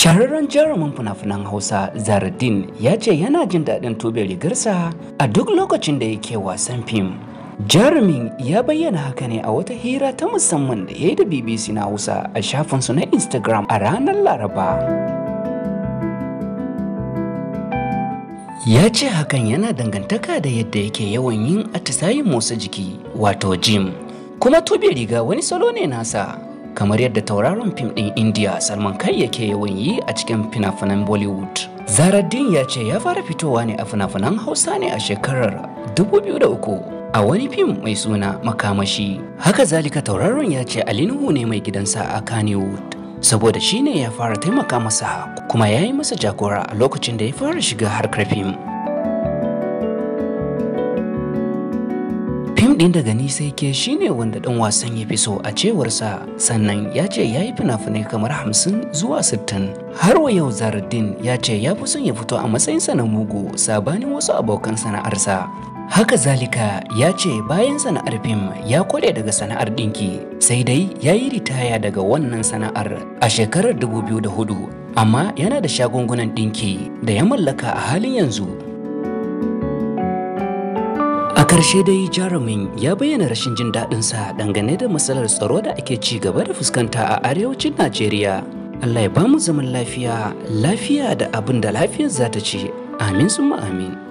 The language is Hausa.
shahararren jarumin fina-finan hausa zaradin ya ce yana jin daɗin tube rigarsa a duk lokacin da yake wasan fim jarumin ya bayyana haka ne a wata hira ta musamman da ya yi da bbc na hausa a shafinsu na instagram a ranar laraba ya ce hakan yana dangantaka da yadda yake yawan yin atisayin motsa jiki wato jim kuma tube riga wani salo ne nasa kamar yadda tauraron fim ɗin India Salman Kai yake yawan yi a cikin fina-finan Bollywood. din ya ce ya fara fitowa ne a fina-finan Hausa ne a shekarar 2003. a wani fim mai suna makamashi haka zalika tauraron ya ce alinuhu ne mai gidansa a kannywood saboda shine ya fara taimaka masa kuma ya yi masa jagora a lokacin da ya fara shiga harkar fim fim ɗin daga ni yake shine wanda ɗan wasan ya fi so a cewarsa sannan ya ce ya yi fina-finai kamar hamsin zuwa sittin har wa yau zaruddin ya ce ya fi son ya fito a matsayinsa na mugu sabanin wasu abokan sana'arsa haka zalika ya ce bayan sana'ar fim ya kware daga sana'ar ɗinki sai dai ya yi ritaya daga wannan sana'ar a shekarar 2004 amma yana da shagungunan ɗinki da ya mallaka a halin yanzu karshe dai jarumin ya bayyana rashin jin sa dangane da matsalar tsaro da ake ci gaba da fuskanta a arewacin najeriya allah ya ba mu zaman lafiya lafiya da abin da lafiyar za ta ci amin summa amin